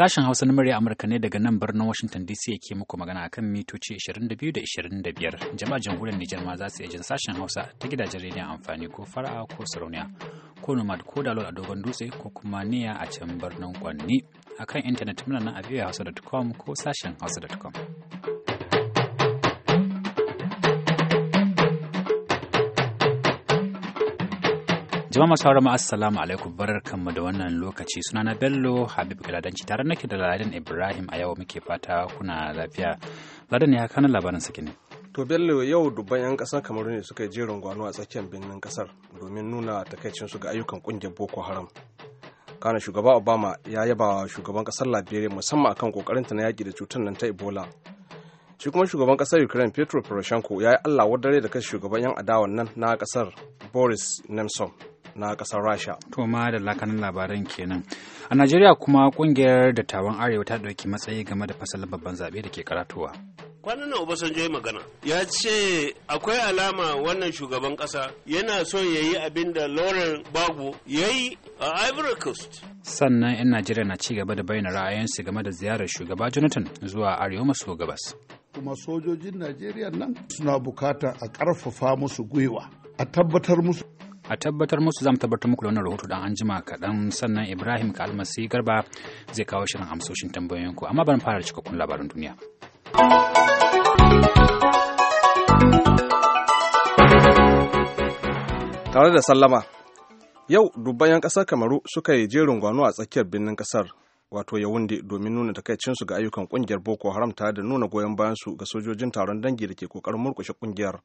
Sashen Hausa na murya Amurka ne daga nan birnin Washington DC yake muku magana akan mitoci 22 da 25. Jama'a jamhuriyar Nijar ma za su iya jin sashen Hausa ta gidajen rediyon amfani ko fara'a ko sarauniya ko nomad ko dalol a dogon dutse ko kuma niya a can birnin Kwanni. Akan intanet muna nan a hausa.com ko sashen hausa.com. Jama'a sauran assalamu alaikum mu da wannan lokaci na Bello Habib Galadanci tare nake da Ladan Ibrahim a yau muke fata kuna lafiya. Ladan ya kana labarin saki ne. To Bello yau dubban 'yan kasar Kamaru ne suka je jerin a tsakiyar birnin kasar domin nuna takaicinsu ga ayyukan kungiyar Boko Haram. Kana shugaba Obama ya yaba shugaban kasar Liberia musamman akan ta na yaki da cutar nan ta Ebola. Shi kuma shugaban kasar Ukraine Petro Poroshenko ya yi Allah wadare da kashe shugaban 'yan adawan nan na kasar Boris Nemtsov na kasar rasha to ma da lakanin labaran kenan a najeriya kuma kungiyar dattawan arewa ta dauki matsayi game da fasalin babban zaɓe da ke karatuwa kwanan nan obasanjo ya magana ya ce akwai alama wannan shugaban kasa yana so ya yi abin da lauren bago ya yi a ivory coast sannan 'yan najeriya na ci gaba da bayyana ra'ayinsu game da ziyarar shugaba jonathan zuwa arewa maso gabas kuma sojojin najeriya nan suna bukata a karfafa musu gwiwa a tabbatar musu a tabbatar musu zamu tabbatar muku da wannan rahoto dan anjima kaɗan sannan ibrahim kalmasi garba zai kawo shirin amsoshin tambayoyinku amma ban fara cikakkun labarin duniya tare da sallama yau dubban 'yan kasar kamaru suka yi jerin gwano a tsakiyar birnin ƙasar wato yawunde domin nuna takaicinsu ga ayyukan ƙungiyar boko haram tare da nuna goyon bayansu ga sojojin taron dangi da ke kokarin murkushe ƙungiyar.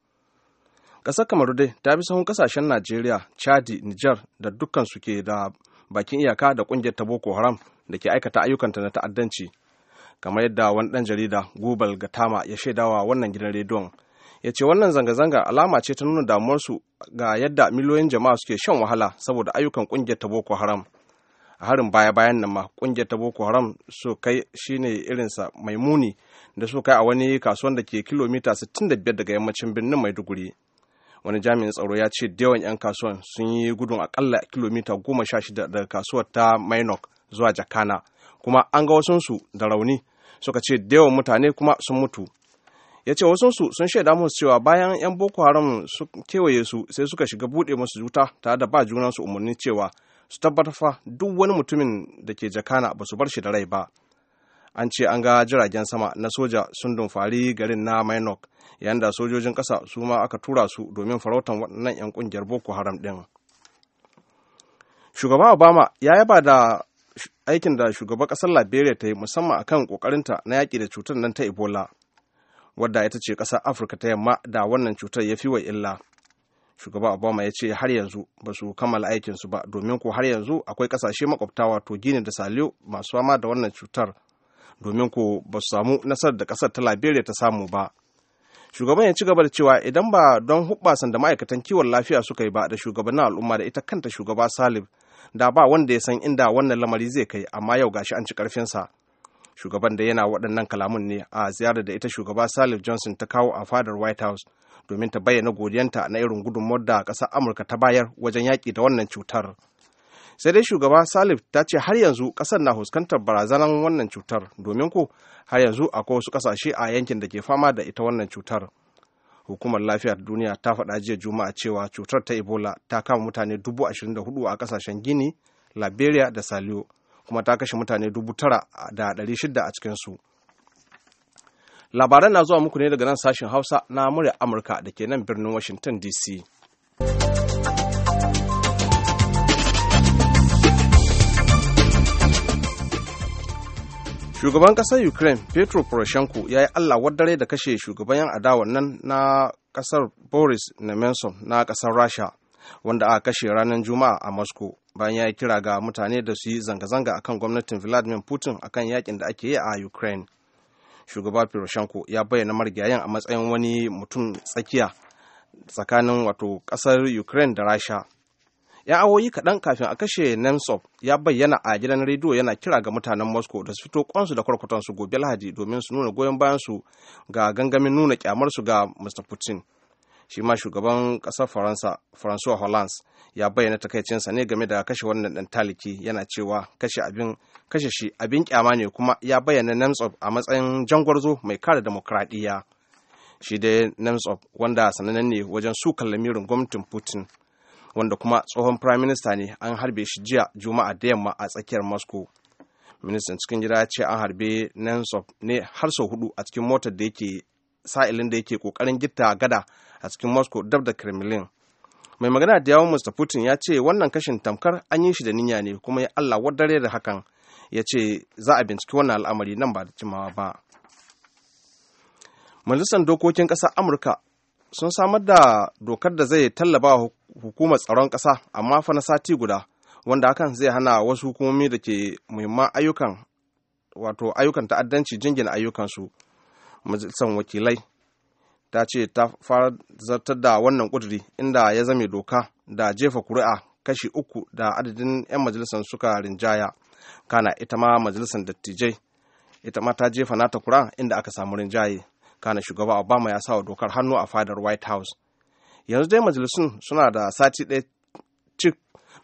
ƙasar kamaru dai ta bi sahun ƙasashen najeriya chadi niger da dukkan su ke da bakin iyaka da ƙungiyar ta boko haram da ke aikata ayyukanta na ta'addanci kamar yadda wani ɗan jarida gubal gatama ya shaidawa wannan gidan rediyon ya ce wannan zanga-zanga alama ce ta nuna damuwarsu ga yadda miliyoyin jama'a suke shan wahala saboda ayyukan ƙungiyar ta boko haram a harin baya-bayan nan ma kungiyar ta boko haram su kai shine irinsa mai muni da su kai a wani kasuwan da ke kilomita 65 daga yammacin birnin maiduguri wani jami'in tsaro ya ce yawan 'yan kasuwan sun yi gudun akalla kilomita goma sha shida daga kasuwar ta minok zuwa jakana kuma an ga wasunsu da rauni suka ce yawan mutane kuma sun mutu ya ce wasunsu sun shaida musu cewa bayan 'yan boko haram su kewaye su sai suka shiga buɗe musu juta tare da ba junansu umarni cewa su tabbatar fa duk wani mutumin da ke jakana ba su bar shi da rai ba. an ce an ga jiragen sama na soja sun dumfari garin na minok yayin da sojojin ƙasa su ma aka tura su domin farautan waɗannan 'yan ƙungiyar boko haram ɗin shugaba obama ya yaba da aikin da shugaban ƙasar liberia ta yi musamman akan ƙoƙarinta na yaƙi da cutar nan ta ebola wadda ita ce ƙasar afirka ta yamma da wannan cutar ya fi wa illa shugaba obama ya ce har yanzu ba su kammala aikinsu ba domin ko har yanzu akwai ƙasashe makwabta wato gini da saliyo masu fama da wannan cutar domin ko ba su samu nasarar da kasar ta liberia ta samu ba shugaban ya ci gaba da cewa idan ba don hubbasan da ma'aikatan kiwon lafiya suka yi ba da shugabannin al'umma da ita kanta shugaba salib da ba wanda ya san inda wannan lamari zai kai amma yau gashi an ci karfinsa shugaban da yana waɗannan kalamun ne a ziyarar da ita shugaba salif johnson ta kawo a fadar white house domin ta bayyana godiyanta na irin gudunmawar da ƙasar amurka ta bayar wajen yaƙi da wannan cutar. sai dai shugaba salif ta ce har yanzu kasar na fuskantar barazanar wannan cutar domin ko har yanzu akwai wasu kasashe a yankin da ke fama da ita wannan cutar hukumar lafiyar duniya ta faɗa jiya juma'a cewa cutar ta ebola ta kama mutane dubu ashirin hudu a kasashen gini liberia da salio kuma ta kashe mutane dubu tara da ɗari shida a cikinsu labaran na zuwa muku ne daga nan sashen hausa na murya amurka da ke nan birnin washington dc shugaban ƙasar ukraine petro poroshenko ya yi allah dare da kashe shugaban yan adawa nan na ƙasar boris nemenson na ƙasar rasha wanda aka kashe ranar juma'a a moscow bayan ya yi kira ga mutane da su yi zanga-zanga akan gwamnatin vladimir putin akan yakin da ake yi a ukraine shugaba poroshenko ya bayyana marigayen a matsayin wani mutum tsakiya tsakanin wato ƙasar ukraine da rasha 'yan awoyi kaɗan kafin a kashe nemtsov ya bayyana a gidan rediyo yana kira ga mutanen moscow da su fito kwansu da kwarkwatansu gobe lahadi domin su nuna goyon su ga gangamin nuna kyamarsu ga mr putin shi ma shugaban ƙasar faransa francois hollande ya bayyana takaicinsa ne game da kashe wannan ɗan taliki yana cewa kashe abin kashe shi abin kyama ne kuma ya bayyana nemtsov a matsayin jangwarzo mai kare demokradiyya shi dai nemtsov wanda sanannen ne wajen sukan lamirin gwamnatin putin wanda kuma tsohon prime minister ne an harbe shi jiya juma'a da yamma a tsakiyar moscow ministan cikin gida ya ce an harbe nensov ne har sau hudu a cikin motar da yake sa'ilin da yake kokarin gitta gada a cikin moscow dab da kremlin mai magana da yawon mr putin ya ce wannan kashin tamkar an yi shi da niyya ne kuma ya allah wadare da hakan ya ce za a binciki wannan al'amari nan ba da cimawa ba majalisar dokokin ƙasar amurka sun samar da dokar da zai tallaba hukumar tsaron ƙasa amma fa na sati guda wanda hakan zai hana wasu hukumomi da ke muhimman ayyukan wato ayyukan ta'addanci jingina ayyukansu majalisar wakilai ta ce ta fara zartar da wannan kuduri inda ya zame doka da jefa kuri'a kashi uku da adadin 'yan majalisar suka rinjaya kana ita ma majalisar dattijai ita ma ta jefa nata kura inda aka samu rinjaye kana shugaba obama ya sawa dokar hannu a fadar white house yanzu dai majalisun suna da sati ɗaya cik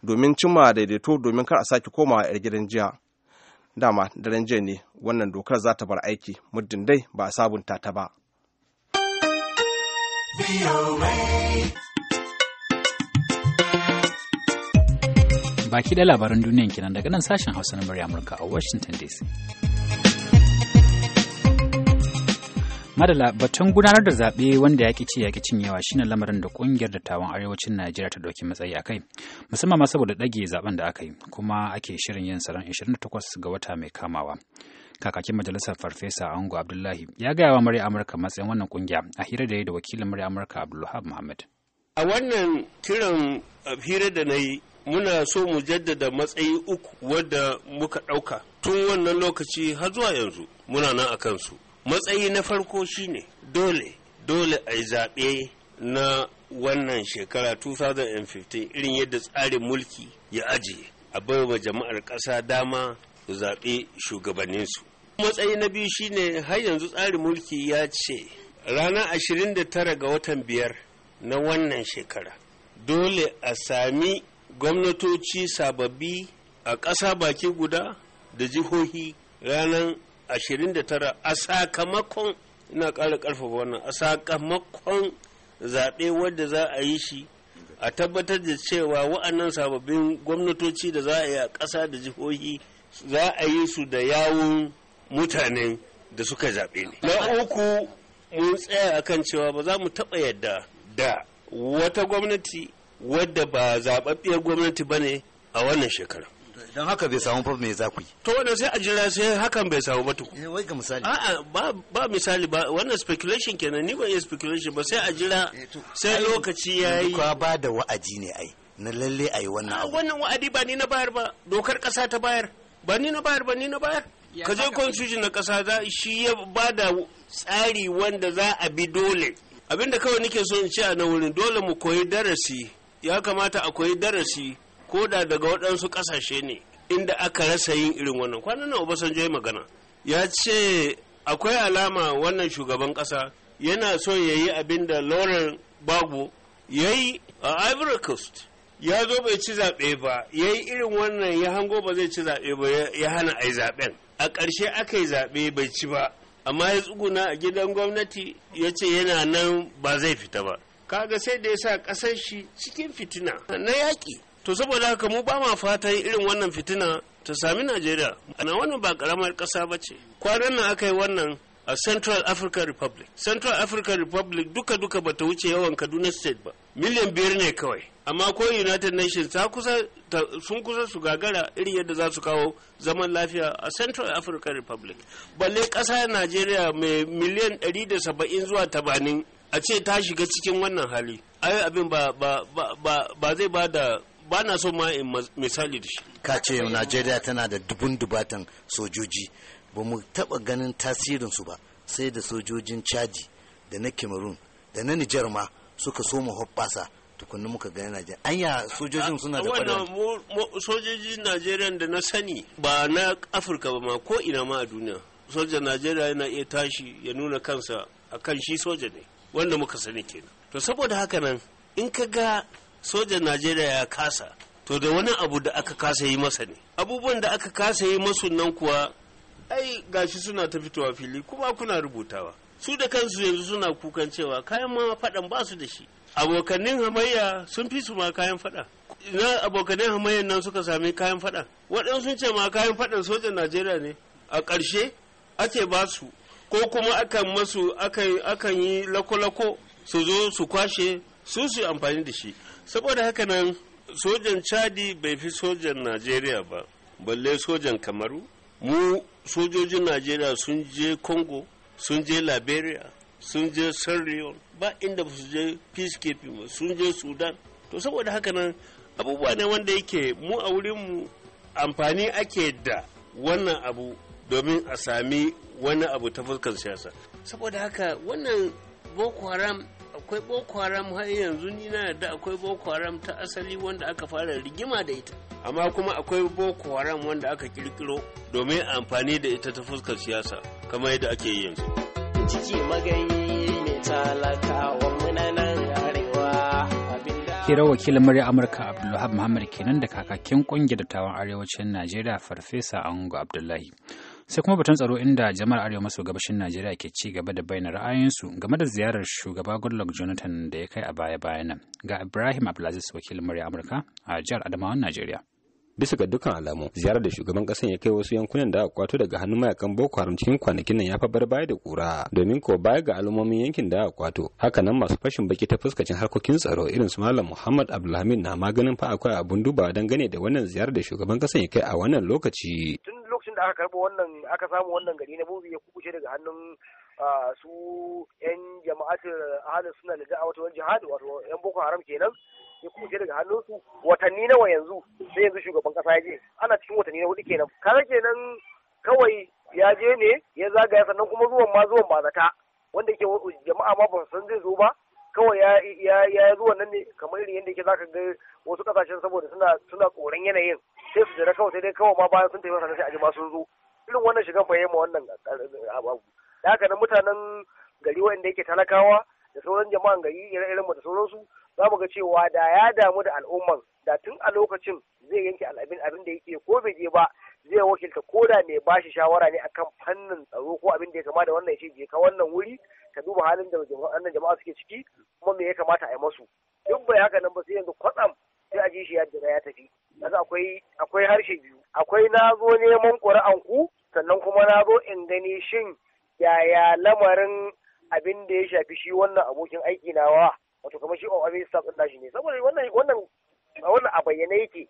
domin cimma daidaito domin kar a sake komawa 'yar gidan jiya dama daren jiya ne wannan dokar za ta bar aiki muddin dai ba a sabunta ta ba baki da labaran duniyan kenan daga nan sashen hausa na murya amurka a washington dc Adala batun gudanar da zaɓe wanda ya ce ya yawa shine lamarin da ƙungiyar dattawan arewacin Najeriya ta doki matsayi a kai, musamman ma saboda ɗage zaben da aka yi kuma ake shirin yin salon 28 ga wata mai kamawa. Kakakin majalisar Farfesa Ango Abdullahi ya gaya wa murya Amurka matsayin wannan ƙungiya a hira da ya da wakilin murya Amurka Abdulhab Muhammad. A wannan kiran hira da na yi muna so mu jaddada matsayi uku wadda muka ɗauka tun wannan lokaci har zuwa yanzu muna nan a kansu. matsayi na farko shine dole dole a yi zaɓe na wannan shekara 2015 irin yadda tsarin mulki ya ajiye a baiwa jama'ar ƙasa dama su zaɓi shugabanninsu matsayi na biyu shine har yanzu tsarin mulki ya ce ranar 29 ga watan biyar na wannan shekara dole a sami gwamnatoci sababbi a ƙasa baki guda da jihohi ranar 29 a sakamakon ina ƙara ƙarfafa wannan a sakamakon zaɓe wadda za a yi shi a tabbatar da cewa wa'annan sababbin gwamnatoci da za a yi a ƙasa da jihohi za a yi su da yawun mutane da suka zaɓe ne. Na uku mun tsaya akan cewa ba za mu taɓa yadda da wata gwamnati wadda ba zaɓaɓɓiyar gwamnati ba ne a wannan shekarar. don haka bai samu ba me za ku yi to wanda sai a jira sai hakan bai samu ba to eh wai ga misali a'a ba ba misali ba wannan speculation kenan ni ba iya speculation ba sai a jira eh, sai lokaci yayi ka ba da wa'adi ne ai na lalle ai wannan abu wannan wa'adi ba ni na bayar ba dokar kasa ta bayar ba ni na bayar ba ni na bayar ka je constitution na kasa za shi ya ba da tsari wanda za a bi dole abinda kawai nake so in ce a nan wurin dole mu koyi darasi ya kamata a koyi darasi ko da daga waɗansu ƙasashe ne inda aka rasa yin irin wannan kwanan nan obasanjo ya magana ya ce akwai alama wannan shugaban kasa yana so ya yi abin da lauren babu ya yi a ivory coast ya zo bai ci zaɓe ba ya yi irin wannan ya hango ba zai ci zaɓe ba ya hana a yi zaɓen a ƙarshe aka yi zaɓe bai ci ba amma ya tsuguna a gidan gwamnati ya ce yana nan ba zai fita ba kaga sai da ya sa ƙasar shi cikin fitina na yaƙi to saboda haka mu ba ma fatan irin wannan fitina ta sami najeriya ana wannan ba karamar kasa ba ce kwanan nan aka yi wannan a central african republic central african republic duka duka ba ta wuce yawan kaduna state ba miliyan biyar ne kawai amma ko united nations ta kusa sun kusa su gagara irin yadda za su kawo zaman lafiya a central african republic balle kasa najeriya mai miliyan 170 zuwa 80 a ce ta shiga cikin wannan hali ai abin ba zai ba da ba na so ma in misali da shi ka ce najeriya tana da dubun dubatan sojoji ba mu taba ganin tasirinsu ba sai da sojojin chadi da na cameroon da na nijar ma suka so mu hoppasa tukunna muka gani najeriya anya sojojin suna da wannan sojojin najeriya da na sani ba na afirka ba ma ko ina ma a duniya sojan najeriya yana iya tashi ya nuna kansa a kan shi soja ne wanda muka sani kenan to saboda haka nan in ka ga sojan najeriya ya kasa to da wani abu da aka kasa yi masa ne abubuwan da aka kasa yi masu nan kuwa ai gashi suna ta fitowa fili kuma kuna rubutawa su da kansu yanzu suna kukan cewa kayan ma faɗan ba su da shi abokanin hamayya sun fi su ma kayan faɗa na abokanin hamayyan nan suka sami kayan faɗa waɗansu ce ma kayan faɗan sojan najeriya ne a ƙarshe ake ba su ko kuma akan masu akan yi lakolako lako su zo su kwashe su su amfani da shi saboda haka nan sojan chadi bai fi sojan najeriya ba balle sojan kamaru mu sojojin najeriya sun je congo sun je liberia sun je sierra ba inda su je peacekeeping ba sun je sudan to saboda haka nan abubuwa ne wanda yake mu a wurinmu amfani ake da wannan abu domin a sami wani abu ta fuskar siyasa saboda haka wannan boko haram akwai boko haram har yanzu ni na da akwai boko haram ta asali wanda aka fara rigima da ita amma kuma akwai boko haram wanda aka kirkiro domin amfani da ita ta fuskar siyasa kamar yadda ake yi yanzu ciki magani ne wa munanan arewa kira wakilin murya amurka abdulwahab muhammad kenan da kakakin kungiyar dattawan arewacin najeriya farfesa ango abdullahi sai kuma batun tsaro inda jama'ar arewa maso gabashin najeriya ke ci gaba da bayyana ra'ayinsu game da ziyarar shugaba goodluck jonathan da ya kai a baya-bayan nan ga ibrahim abdulaziz wakilin murya amurka a jihar adamawan najeriya bisa ga dukkan alamu ziyarar da shugaban kasan ya kai wasu yankunan da aka kwato daga hannun mayakan boko haram cikin kwanakin nan ya fa bar baya da kura domin ko baya ga al'ummomin yankin da aka kwato hakanan masu fashin baki ta fuskacin harkokin tsaro irin su malam muhammad abdulhamid na maganin fa akwai abun dubawa dangane da wannan ziyarar da shugaban kasan ya kai a wannan lokaci tun lokacin da aka karbo wannan aka samu wannan gari na bobi ya kubuce daga hannun su yan jama'atul ahlus suna da wal jihad wato yan boko haram kenan ya kuma ke daga hannun su watanni nawa yanzu sai yanzu shugaban kasa ya je ana cikin watanni na hudu kenan kare kenan kawai ya je ne ya zagaya sannan kuma zuwan ma zuwan ba zata wanda yake jama'a ma ba san zai zo ba kawai ya ya ya zuwan nan ne kamar irin yadda yake zaka ga wasu kasashen saboda suna suna tsoron yanayin sai su jira kawai sai dai kawai ma bayan sun tafi sannan sai a ji ma sun zo irin wannan shigan fahimma wannan abu da haka nan mutanen gari wanda yake talakawa da sauran jama'an gari ire-iren mu da sauransu za mu ga cewa da ya damu da al'umman da tun a lokacin zai yanke al'abin abin da yake ko bai je ba zai wakilta ko da mai bashi shawara ne akan fannin tsaro ko abin da ya kama da wannan shi je ka wannan wuri ka duba halin da wannan jama'a suke ciki kuma me ya kamata a yi masu duk bai haka nan ba sai yanzu kwatsam sai a ji shi ya ya tafi kaga akwai akwai harshe biyu akwai na zo neman ƙuri'an ku sannan kuma na zo in gani shin yaya lamarin abin da ya shafi shi wannan abokin aiki nawa wato kamar shi ofis staff sabon nashi ne saboda wannan wannan wannan a bayyana yake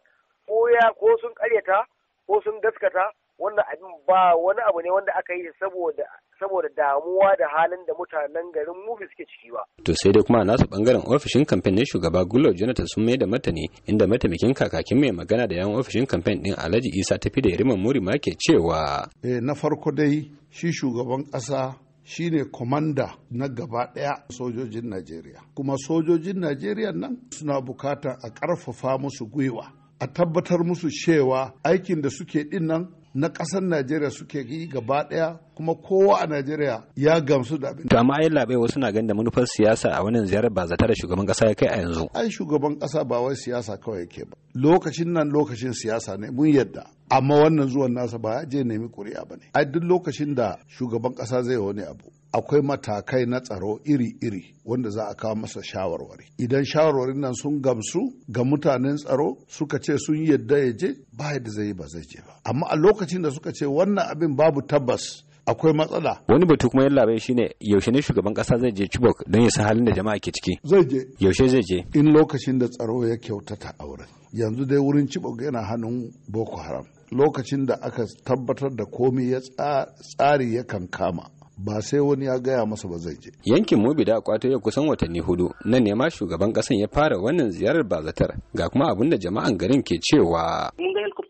ko ya ko sun karyata ko sun gaskata wannan abin ba wani abu ne wanda aka yi saboda saboda damuwa da halin da mutanen garin Mubi suke ciki ba. To sai dai kuma nasu bangaren ofishin kamfen ne shugaba Gullo Jonathan sun mai da martani inda mataimakin kakakin mai magana da yawan ofishin kamfen din Alhaji Isa tafi da Yariman Muri ma ke cewa. Eh, na farko dai shi shugaban ƙasa shine komanda na gaba ɗaya sojojin najeriya kuma sojojin najeriya nan suna bukata a ƙarfafa musu gwiwa a tabbatar musu cewa aikin da suke ɗinnan na ƙasar najeriya suke yi gaba ɗaya kuma kowa a Najeriya ya gamsu da abin. amma ai labe wasu na ganin da manufar siyasa a wannan ziyarar ba zata da shugaban kasa ya kai a yanzu. Ai shugaban kasa ba wai siyasa kawai yake ba. Lokacin nan lokacin siyasa ne mun yadda. Amma wannan zuwan nasa ba ya je nemi kuri'a ba ne. Ai duk lokacin da shugaban kasa zai wani abu. Akwai matakai na tsaro iri-iri wanda za a kawo masa shawarwari. Idan shawarwarin nan sun gamsu ga mutanen tsaro suka ce sun yadda ya je ba yadda zai yi ba zai je ba. Amma a lokacin da suka ce wannan abin babu tabbas akwai matsala wani batu kuma yin bai shine yaushe ne shugaban kasa zai je Chibok don ya san halin da jama'a ke ciki zai je yaushe zai je in lokacin da tsaro ya kyautata a wurin yanzu dai wurin Chibok yana hannun Boko Haram lokacin da aka tabbatar da komai ya tsari yakan kama, ba sai wani ya gaya masa ba zai je. Yankin Mobi da kwato ya kusan watanni hudu na nema shugaban kasan ya fara wannan ziyarar bazatar ga kuma abin da jama'an garin ke cewa.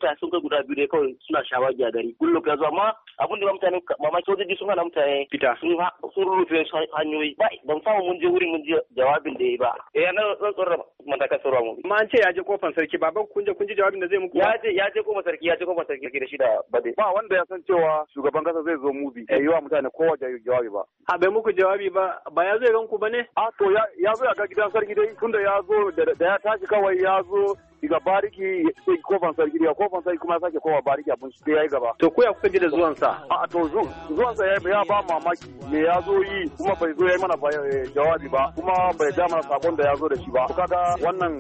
mutane sun kai guda biyu dai kawai suna shawagi a gari gullok ya zo amma abin da mutane mamaki wajen sun hana mutane fita sun rufe hanyoyi ba ban samu mun je wurin mun je jawabin da ya ba eh na tsotsor matakan sarwa mu ma an ce ya je kofan sarki ban kun je kun ji jawabin da zai muku ya je ya je kofan sarki ya je kofan sarki da shi da bade ba wanda ya san cewa shugaban kasa zai zo mubi eh yawa mutane kowa jawabi ba a bai muku jawabi ba ba ya zo ya ganku ba ne a to ya zo ya ga gidan sarki dai tunda ya zo da ya tashi kawai ya zo daga bariki sai kofan sarki daga kofan sarki kuma ya sake kowa bariki abin shi sai gaba. To ko ya kuka ji da zuwan A to zuwan zuwan sa ya ba mamaki me ya zo yi kuma bai zo ya mana eh, jawabi ba kuma bai ja mana sakon da ya zo da shi ba. Kaga wannan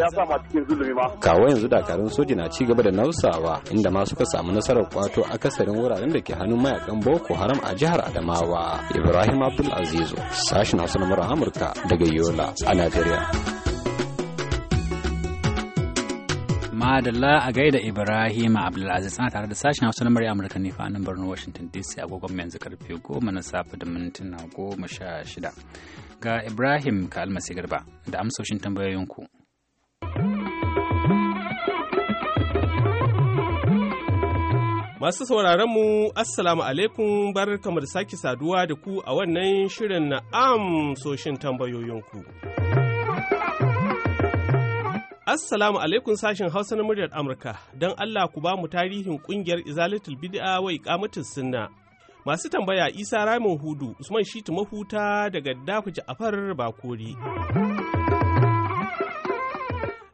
ya sa ma cikin zulumi ma. Kawo yanzu dakarun soji na ci gaba da nausawa inda ma suka samu nasarar kwato akasarin wuraren da ke hannun mayakan Boko Haram a jihar Adamawa. Ibrahim Abdul Azizu, sashen na na Amurka daga Yola a Najeriya. Madalla a gaida Ibrahim Abdulaziz sana tare da sashen Hausa na murya Amurka ne fa nan birnin Washington DC agogon yanzu karfe goma na safe da mintuna goma sha shida. Ga Ibrahim ka almasi garba da amsoshin tambayoyinku. Masu sauraron mu Assalamu alaikum bar kamar sake saduwa da ku a wannan shirin na amsoshin tambayoyinku. Assalamu alaikum sashen Hausa na muryar Amurka, don Allah ku ba mu tarihin kungiyar Izalatul Bid'a wai kamatin sunna. Masu tambaya Isa Ramin Hudu, Usman Shitu Mahuta daga a farar Bakori.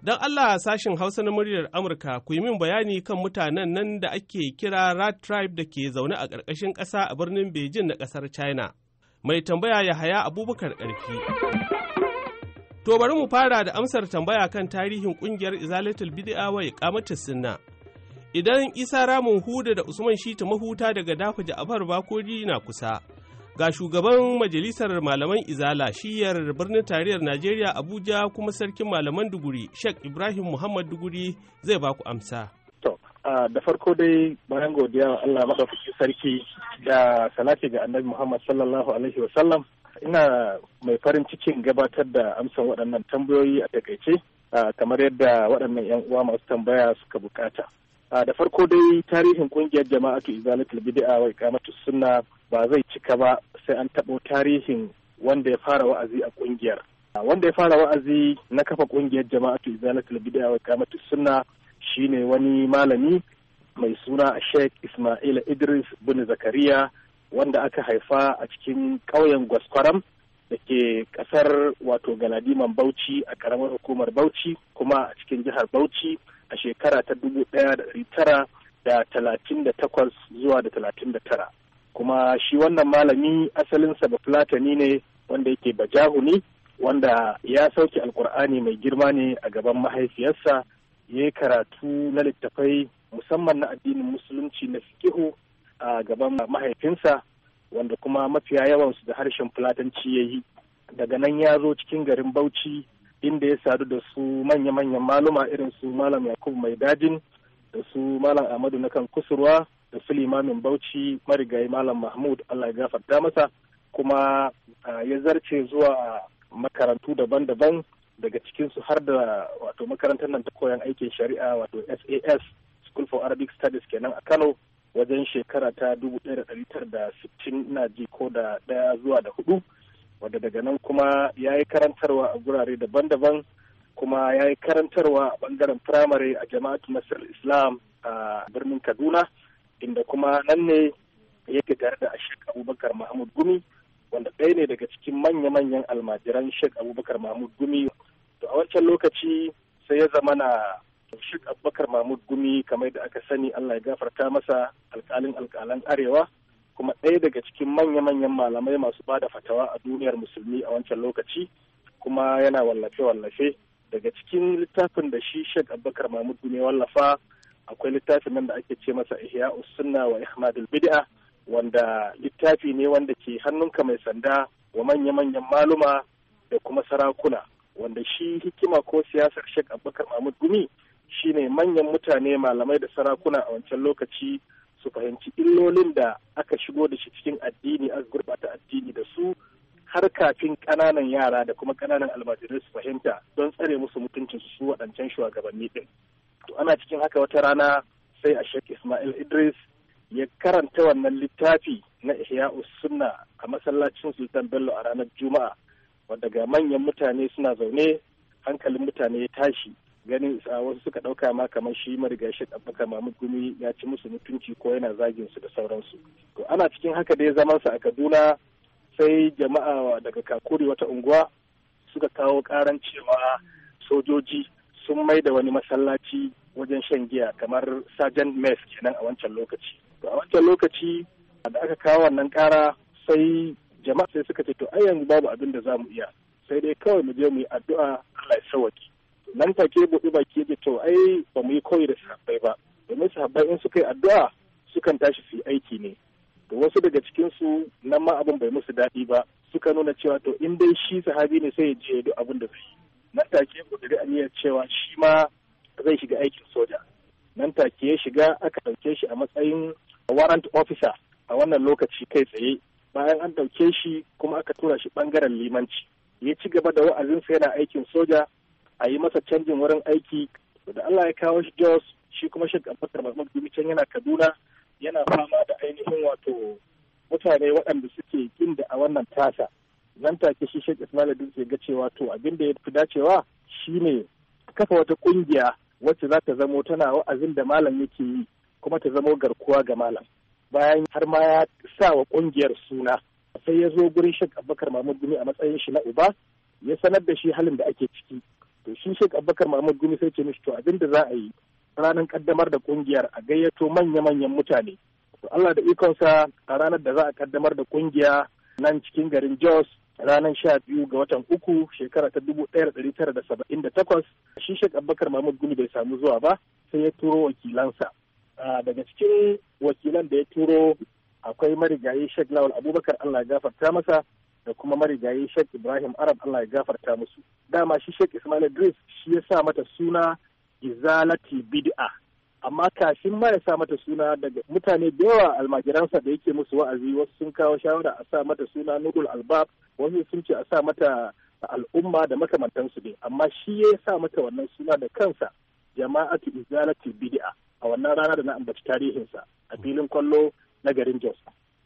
Don Allah sashen Hausa na muryar Amurka ku yi min bayani kan mutanen nan da ake kira Rat Tribe da ke zaune a ƙarƙashin ƙasa a birnin Beijing na ƙasar China. Mai tambaya ya haya Abubakar ƙarfi. To bari mu fara da amsar tambaya kan tarihin kungiyar Izalatul Bid'a wa Iqamatus Sunna. Idan Isa Ramun Huda da Usman Shita mahuta daga Dafa abar Bakori na kusa. Ga shugaban majalisar malaman Izala shiyar birnin tariyar Najeriya Abuja kuma sarkin malaman Duguri Sheikh Ibrahim Muhammad Duguri zai ba ku amsa. To, da farko dai bayan godiya Allah maɗaukaki sarki da salati ga Annabi Muhammad sallallahu alaihi wa sallam ina mai farin cikin gabatar da amsan waɗannan tambayoyi a takaice kamar yadda waɗannan 'yan uwa masu tambaya suka bukata. da farko dai tarihin kungiyar jama'atu izalatul bid'a wa iqamatu sunna ba zai cika ba sai an taɓo tarihin wanda ya fara wa'azi a kungiyar wanda ya fara wa'azi na kafa kungiyar jama'atu izalatul bid'a wa iqamatu sunna shine wani malami mai suna Sheikh Ismail Idris bin Zakariya wanda aka haifa a cikin ƙauyen Gwaskwaram da ke ƙasar wato Galadiman Bauchi a ƙaramar hukumar Bauchi kuma a cikin jihar Bauchi a shekara ta dubu ɗaya da tara da talatin da takwas zuwa da talatin da tara. Kuma shi wannan malami asalinsa fulatani ne wanda yake Bajahu ne wanda ya sauke alkur'ani mai girma ne a gaban mahaifiyarsa ya yi karatu na littafai musamman na addinin musulunci na fikihu a gaban mahaifinsa wanda kuma mafiya yawansu da harshen fulatanci ya yi daga nan ya zo cikin garin bauchi inda ya sadu da su manya-manyan maluma irin su malam yakubu mai dajin da su malam ahmadu na kan kusurwa da su limamin bauchi marigayi malam mahmud allah ya gafarta masa kuma ya zarce zuwa makarantu daban-daban daga cikinsu har da wato makarantar nan ta koyan aikin shari'a wato sas school for arabic studies kenan a kano wajen shekara ta dubu ɗaya da ɗari tara da sittin na ji ko da ɗaya zuwa da hudu wadda daga nan kuma ya yi karantarwa a gurare daban-daban kuma ya yi karantarwa a ɓangaren firamare a jama'atu nasar islam a birnin kaduna inda kuma nan ne yake tare da shek abubakar mahmud gumi wanda ɗaya ne daga cikin manya-manyan almajiran shek abubakar mahmud gumi to a wancan lokaci sai ya zamana. Shik Abubakar Mahmud Gumi kamar da aka sani Allah ya gafarta masa alkalin alkalan Arewa kuma ɗaya daga cikin manya-manyan malamai masu bada fatawa a duniyar musulmi a wancan lokaci kuma yana wallafe-wallafe daga cikin littafin da shi shek Abubakar Mahmud Gumi wallafa akwai littafin nan da ake ce masa Ihya usunna wa Ihmadul Bid'a wanda littafi ne wanda ke hannunka mai sanda wa manya-manyan maluma da kuma sarakuna wanda shi hikima ko siyasar shek Abubakar Mahmud Gumi shine manyan mutane malamai da sarakuna a wancan lokaci su fahimci illolin da aka shigo da shi cikin addini aka gurbata addini da su har kafin ƙananan yara da kuma ƙananan almajirai su fahimta don tsare musu mutuncin su waɗancan shugabanni ɗin. To ana cikin haka wata rana sai a shek Ismail Idris ya karanta wannan littafi na Ihya Sunna a masallacin Sultan Bello a ranar Juma'a wanda ga manyan mutane suna zaune hankalin mutane ya tashi ganin wasu suka ɗauka ma kamar shi marigashi baka mamu gumi ya ci musu mutunci ko yana zagin su da sauransu to ana cikin haka dai zaman sa a kaduna sai jama'a daga kakuri wata unguwa suka kawo karan cewa sojoji sun mai da wani masallaci wajen shan giya kamar sajan Mes kenan a wancan lokaci to a wancan lokaci da aka kawo wannan kara sai jama'a sai suka ce to ai yanzu babu abin da za mu iya sai dai kawai mu je mu yi addu'a Allah ya sawaki nan take buɗe baki da to ai ba mu yi koyi da sahabbai ba domin sahabbai in suka yi addu'a sukan tashi su yi aiki ne to wasu daga cikin su nan ma abin bai musu daɗi ba suka nuna cewa to in dai shi sahabi ne sai ya je duk abin da zai yi nan take ƙudiri aniyar cewa shi ma zai shiga aikin soja nan take ya shiga aka ɗauke shi a matsayin warrant officer a wannan lokaci kai tsaye bayan an ɗauke shi kuma aka tura shi ɓangaren limanci ya ci gaba da wa'azinsa yana aikin soja a yi masa canjin wurin aiki da Allah ya kawo shi Jos shi kuma shi Abubakar Mahmud Gumicen yana Kaduna yana fama da ainihin wato mutane waɗanda suke kin da a wannan tasa nan take shi Sheikh Ismail Dutse ga cewa to abin da ya fi dacewa shine kafa wata kungiya wacce za ta zamo tana wa'azin da malam yake yi kuma ta zamo garkuwa ga malam bayan har ma ya sa wa kungiyar suna sai ya zo gurin Sheikh Abubakar Mahmud a matsayin shi na uba ya sanar da shi halin da ake ciki to shi shek abubakar mahmud gumi sai ce mishi to abin da za a yi ranar kaddamar da kungiyar a gayyato manya-manyan mutane to allah da ikonsa a ranar da za a kaddamar da kungiya nan cikin garin jos ranar sha biyu ga watan uku shekara ta dubu ɗaya da ɗari tara da saba'in da takwas shi shek abubakar mahmud gumi bai samu zuwa ba sai ya turo wakilansa daga cikin wakilan da ya turo akwai marigayi shek lawal abubakar allah gafarta masa da kuma marigayi Sheikh Ibrahim Arab Allah ya gafarta musu. Dama shi Sheikh Ismail Idris shi ya sa mata suna Izalati Bid'a. Amma kashin ma ya sa mata suna daga mutane da yawa almajiransa da yake musu wa'azi wasu sun kawo shawara a sa mata suna Nurul Albab wasu sun ce a sa mata al'umma da makamantansu ne amma shi ya sa mata wannan suna da kansa jama'atu Izalati Bid'a a wannan rana da na ambaci tarihinsa a filin kwallo na garin Jos.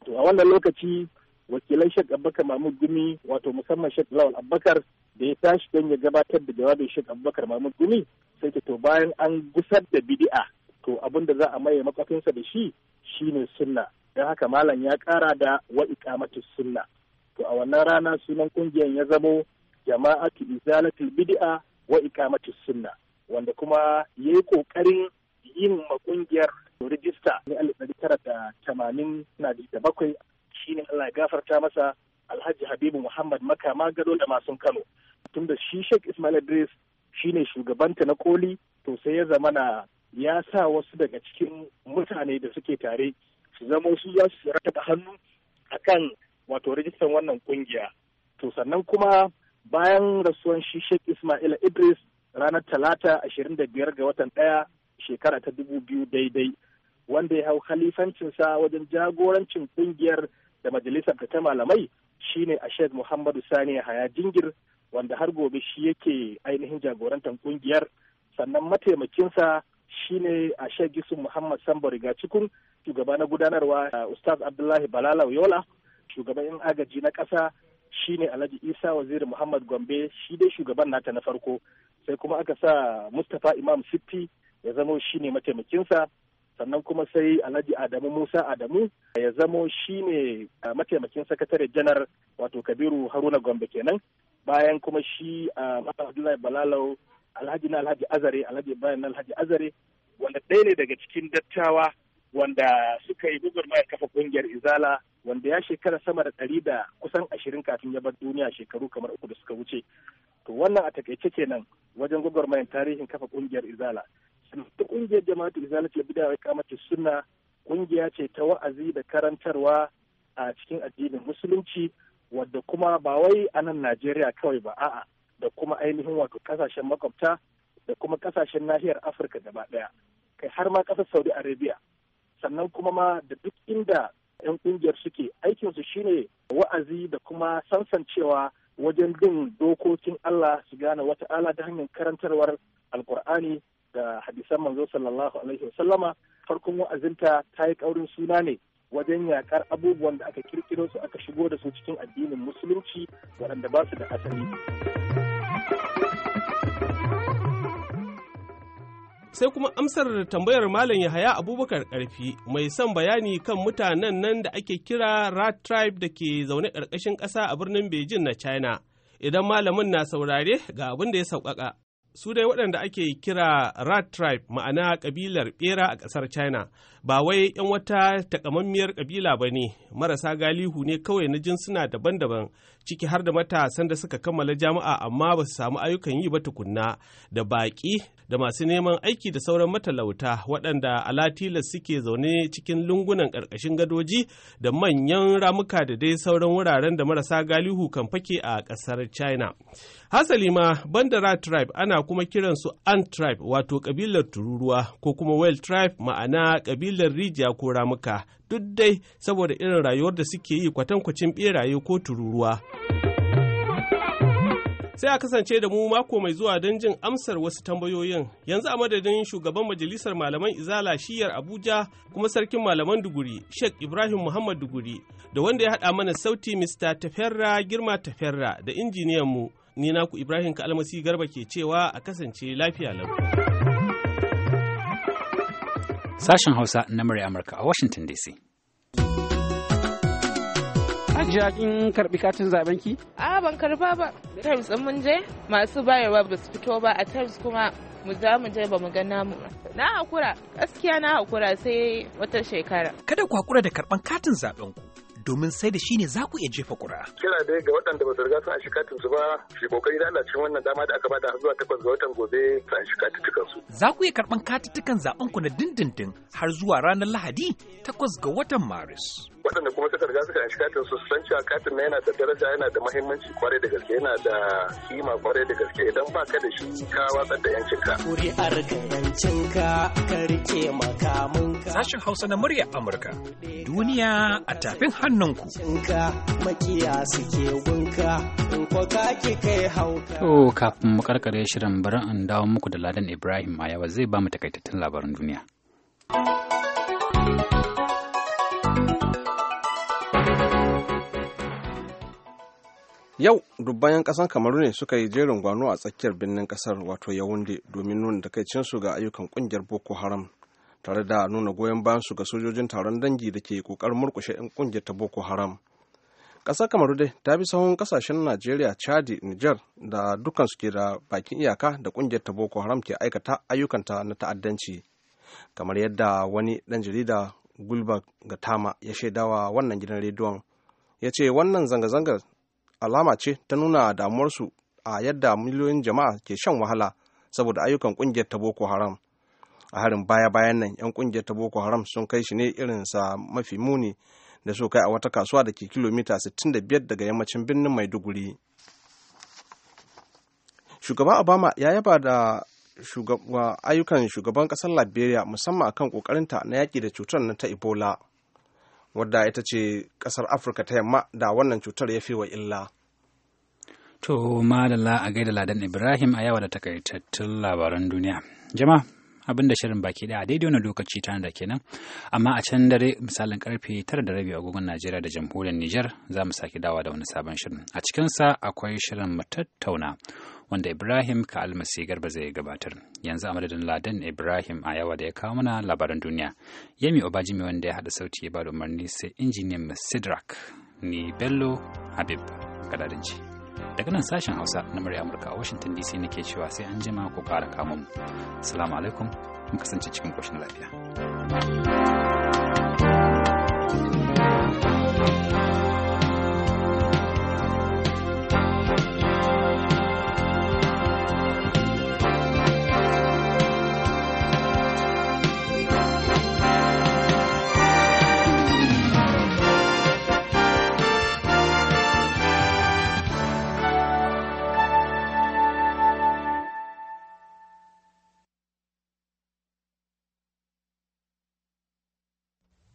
To a wannan lokaci wakilai Sheikh Abubakar Mahmud Gumi wato musamman Sheikh Lawal Abubakar da ya tashi don ya gabatar da jawabin Sheikh Abubakar Mahmud Gumi sai ta to bayan an gusar da bidi'a to abin da za a maye makwafinsa da shi shine sunna don haka malam ya kara da wa iqamatu sunna to a wannan rana sunan kungiyar ya zamo jama'atu izalatul bid'a wa iqamatu sunna wanda kuma yayi kokarin yin ma kungiyar rijista ne alif tara bakwai shine Allah ya gafarta masa Alhaji Habibu Muhammad Makama Gado da Masun Kano tunda shi Sheikh Ismail Idris shine shugabanta na koli to sai ya zamana ya sa wasu daga cikin mutane da suke tare su zama su za su da hannu akan wato rijistan wannan kungiya to sannan kuma bayan rasuwan shi Sheikh Ismail Idris ranar talata 25 ga watan ɗaya shekara ta dubu biyu daidai wanda ya hau khalifancinsa wajen jagorancin kungiyar da majalisar da ta malamai shine Ashed Muhammadu Sani Haya Jingir wanda har gobe shi yake ainihin jagorantar kungiyar sannan mataimakinsa shine Ashed gisu Muhammad Sambo Gacikun shugaba na gudanarwa uh, Ustaz Abdullahi Balala Yola shugaban yan agaji na ƙasa shine Alhaji Isa Waziri Muhammad Gombe shi dai shugaban nata na farko sai kuma aka sa Mustapha Imam Sippi ya zamo shine mataimakinsa sannan kuma sai alhaji adamu musa adamu ya zamo shine mataimakin sakatare janar wato kabiru haruna gombe kenan bayan kuma shi abdullahi balalau alhaji na alhaji azare alhaji bayan na alhaji azare wanda ɗaya ne daga cikin dattawa wanda suka yi gugurmayar kafa kungiyar izala wanda ya shekara sama da ɗari da kusan ashirin kafin ya bar duniya shekaru kamar uku da suka wuce to wannan a takaice kenan wajen gwagwarmayar tarihin kafa kungiyar izala ta kungiyar jama'atu izalatul bid'a wa kamata suna kungiya ce ta wa'azi da karantarwa a cikin addinin musulunci wadda kuma ba wai a nan Najeriya kawai ba a'a da kuma ainihin wato kasashen makwabta da kuma kasashen nahiyar Afirka gaba daya kai har ma kasar Saudi Arabia sannan kuma ma da duk inda 'yan kungiyar suke aikinsu shine wa'azi da kuma sansancewa wajen bin dokokin Allah su gane wata ala ta hanyar karantarwar alkur'ani da hadisan manzo sallallahu alaihi wasallama farkon wa'azinta ta yi kaurin suna ne wajen yakar abubuwan da aka kirkiro su aka shigo da su cikin addinin musulunci waɗanda ba su da asali. Sai kuma amsar tambayar Malam Yahaya Abubakar Karfi mai son bayani kan mutanen nan da ake kira Rat Tribe da ke zaune ƙarƙashin ƙasa a birnin Beijing na China. Idan malamin na saurare ga abin da ya sauƙaƙa. su dai waɗanda ake kira rat tribe ma'ana ƙabilar ɓera a ƙasar china ba wai 'yan wata takamammiyar ƙabila ba ne marasa galihu ne kawai na jinsuna daban-daban ciki har da matasan da suka kammala jami'a amma ba su samu ayyukan yi ba tukunna da baƙi da masu neman aiki da sauran matalauta waɗanda alatila suke zaune cikin lungunan ƙarƙashin gadoji da manyan ramuka da dai sauran wuraren da marasa galihu kan fake a ƙasar china hasali ma bandara tribe ana kuma kiransu ant tribe wato ƙabilar tururuwa ko kuma whale tribe ma'ana ƙabilar kabilar rijiya ko ramuka duk dai saboda irin rayuwar da suke yi kwatankwacin beraye ko tururuwa. sai a kasance da mu mako mai zuwa don jin amsar wasu tambayoyin yanzu a madadin shugaban majalisar malaman izala shiyar abuja kuma sarkin malaman duguri sheikh ibrahim muhammad duguri da wanda ya haɗa mana sauti mr taferra girma taferra da injiniyan mu ni naku ibrahim kalmasi garba ke cewa a kasance lafiya lafiya. Sashen Hausa na murya Amurka a Washington DC. Hajiya kin karɓi katin zaben ki? A ban karɓa ba. Times ɗin mun je masu bayarwa ba su fito ba a times kuma mu za mu je ba mu ga namu ba. Na hakura, gaskiya na hakura sai wata shekara. Kada ku hakura da karban katin zaben ku. domin sai da shi ne za ku iya jefa kura. Kira dai ga waɗanda ba su riga sun a katin su ba shi kokari da Allah cikin wannan dama da aka bada zuwa takwas ga watan gobe su shiga katuttukan su. Za ku iya karɓan katuttukan zaɓen ku na dindindin har zuwa ranar Lahadi takwas ga watan Maris. waɗanda kuma suka riga suka shiga katin su san cewa katin na yana da daraja yana da mahimmanci kwarai da gaske yana da kima kwarai da gaske idan ba ka da shi ka watsar da yancinka. Kuri'ar ga yancinka ka rike makaminka. Sashen Hausa na murya Amurka. Duniya a tafin hannunku. Cinka makiya suke gunka in ko ka ki kai hauka. To kafin mu karkare shirin bari an dawo muku da Ladan Ibrahim Ayawa zai ba mu takaitattun labarin duniya. thank you yau dubban 'yan kasan kamaru ne suka yi jerin gwano a tsakiyar birnin kasar wato yawunde domin nuna takaicinsu ga ayyukan kungiyar boko haram tare da nuna goyon bayan su ga sojojin taron dangi da ke kokarin murkushe 'yan kungiyar ta boko haram kasar kamaru dai ta bi sahun kasashen najeriya chadi niger da dukkan su ke da bakin iyaka da kungiyar ta boko haram ke aikata ayyukanta na ta'addanci kamar yadda wani dan jarida gulba gatama ya shaidawa wannan gidan rediyon ya ce wannan zanga-zangar alama ce ta nuna damuwarsu a yadda miliyoyin jama'a ke shan wahala saboda ayyukan kungiyar ta boko haram a harin baya bayan nan yan kungiyar ta boko haram sun kai shi ne irin sa mafi muni da su kai a wata kasuwa da ke kilomita 65 daga yammacin birnin maiduguri shugaban obama ya yaba da ayyukan shugaban kasar liberia musamman akan kokarinta na yaki da cutar na ta ebola wadda ita ce ƙasar afirka ta yamma da wannan cutar ya fi wa illa to da a gaida ladan ibrahim a yawa da takaitattun labaran duniya jama'a abin da shirin baki daya daidai wani lokaci tana da kenan amma a can dare misalin karfe tara da rabi agogon najeriya da jamhuriyar niger za mu sake dawa da wani sabon shirin a cikinsa akwai shirin mu tattauna wanda Ibrahim ka almasi garba zai gabatar. Yanzu a madadin Ladan Ibrahim a yawa da ya kawo mana labaran duniya. Yemi Obajimi wanda ya haɗa sauti ya bada umarni sai injiniyan Sidrak ni Bello Habib ji. Daga nan sashen Hausa na murya Amurka a Washington DC nake cewa sai an jima ku kara kamun. Salamu alaikum, mun kasance cikin ƙoshin lafiya. thank you